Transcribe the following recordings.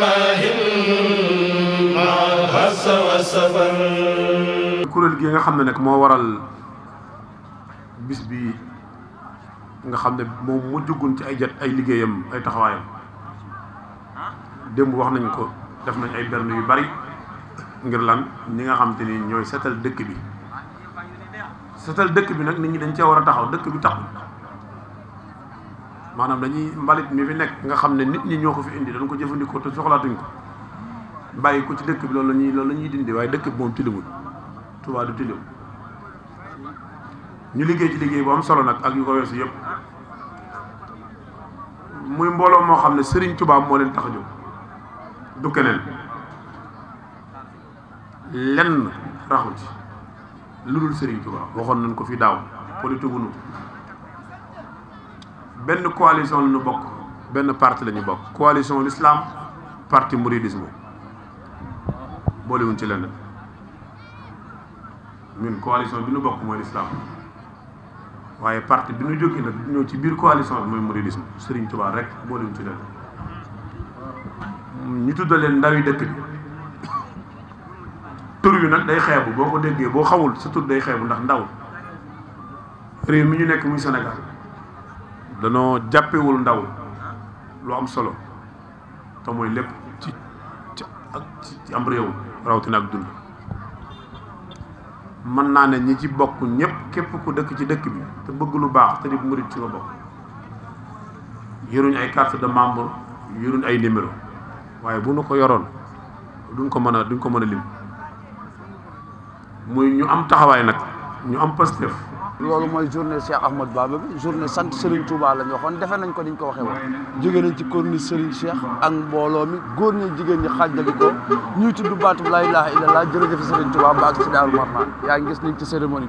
ماهل مع الحس والسفر kuréel gi nga xam ne nag moo waral bis bi nga xam ne moom mu jugun ci ay jot ay liggéeyam ay taxawaayam démb wax nañ ko def nañ ay berne yu bari ngir lan ñi nga xam te ni ñooy setal dëkk bi setal dëkk bi nag nit ñi dañ cee war a taxaw dëkk bi taxaw maanaam dañuy mbalit mi fi nekk nga xam ne nit ñi ñoo ko fi indi dañ ko jëfandikoo te soxlaatuñ ko bàyyi ko ci dëkk bi loolu la ñuy loolu la dindi waaye dëkk bi moom tilimul Tuubaa du tilim ñu liggéey ci liggéey bu am solo nag ak yu ko weesu yëpp muy mbooloo moo xam ne sëriñ tubaab moo leen tax jóg du keneen lenn raxu ci lu dul Serigne Touba waxoon nañ ko fi daaw politique benn coalition la ñu bokk benn parti la ñu bokk coalition l'islam parti mouridisme boolewuñ ci lenn ñun coalition bi ñu bokk mooy l'islam waaye parti bi ñu jógee nag ñëw ci biir coalition bi mooy mouridisme Serigne Touba rek boolewuñ ci lenn ñu tuddaleen ndawi dëkk bi tur yu nag day xeebu boo ko déggee boo xawul sa tur day xeebu ndax ndaw réew mi ñu nekk muy Sénégal danoo jàppewul ndaw lu am solo te mooy lépp ci ci am réew rawatina ak dund mën naa ne ñi ci bokk ñëpp képp ku dëkk ci dëkk bi te bëgg lu baax te di murit ci nga bokk yoruñ ay carte de membre yoruñ ay numéro waaye bu nu ko yoroon duñ ko mën a duñ ko mën a lim muy ñu am taxawaay nag ñu am pastef loolu mooy journée Cheikh Ahmad Bamba bi journée sant Serigne Touba lañ waxoon defe nañ ko niñ ko waxee woon jóge nañ ci corniche Serigne Cheikh ak mbooloo mi góor ñi jigéen ñi xaajali ko ñuy tudd baatu laa ilaaha illallah jërëjëf Serigne Touba ba ak si Daaru Marnaan yaa ngis gis nañ ci cérémonie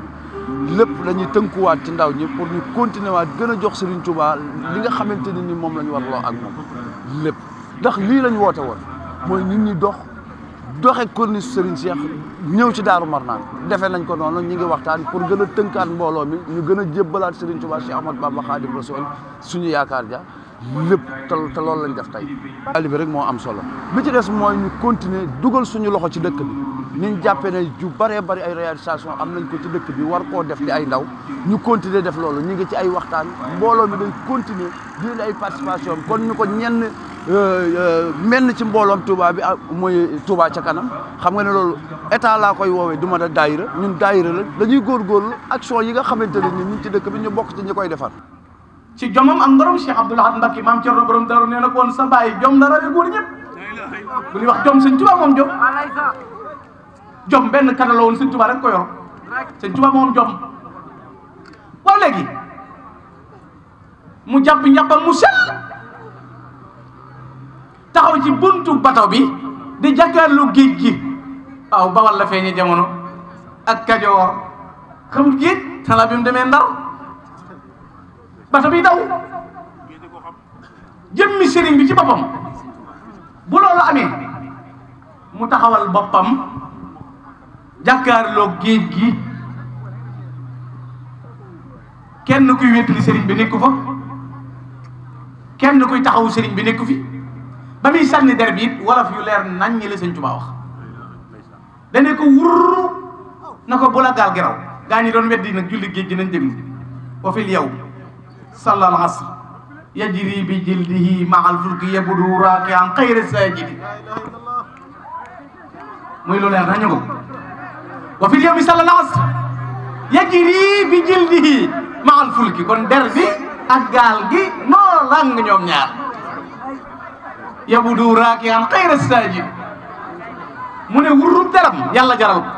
bi lépp dañuy tënkuwaat ci ndaw ñi pour ñu continuer waat gën a jox Serigne Touba li nga xamante ne ni moom la ñu warloo ak moom lépp ndax lii lañu woote woon mooy nit ñi dox doxe corniche Serigne Cheikh ñëw ci Daaru Marnaan defee nañ ko noonu ñu ngi waxtaan pour gën a tënkaat mbooloo mi ñu gën a jébbalaat Serigne Touba Cheikh Ahmad Bamba Khadim Rasoul suñu yaakaar ja lépp te te loolu lañ def tey taalibe rek moo am solo bi ci des mooy ñu continuer dugal suñu loxo ci dëkk bi niñ jàppee ne ju bëree bëri ay réalisation am nañ ko ci dëkk bi war koo def di ay ndaw ñu continuer def loolu ñu ngi ci ay waxtaan mbooloo mi day continuer ay participation kon ñu ko ñenn Euh, euh, na ci mbooloom Touba bi ah, mooy Touba ca kanam xam nga ne loolu état laa koy woowe du ma da daayira ñun daayira la dañuy góorgóorlu action yi nga xamante ne ñun ci dëkk bi ñu bokk ci ñi koy defar. ci jomam ak ngorom Cheikh Abdoul Ahad Mbacké maam Thierno borom Daaru nee na ko woon sa bàyyi jom la rawee góor ñëpp bu ñuy wax jom sëñ Touba moom jom jom benn kàddu la woon sëñ ko yor sëñ Touba moom jom waaw léegi mu jàpp njàppam mu taxaw buntu bato bi di jàkkaarlu géej gi waaw jamono ak kajoor xamul géej xanaa demee ndar bato bi daw jëmmi sëriñ bi ci boppam bu loolu amee mu taxawal boppam jàkkaarloo géej gi kenn kuy wéttali sëriñ bi nekku fa kenn kuy taxawu sëriñ bi nekku fi ba muy sànni der bi it wolof yu leer nañ ñi la sëñ Tuubaa wax dane ko wurru na ko bu la gaal gi weddi nag julli géej nañ déglu wa fil yow salla al asr yajri bi jildihi maal fulki yabudu raakian xayra saajidi muy lu leer nañu ko wa fil yow salla al asr yajri bi jildihi maal fulki kon der bi ak gaal gi noo lang ñoom ñaar yabudu raakian xayra saajid mu ne wurru daram yàlla jaral ko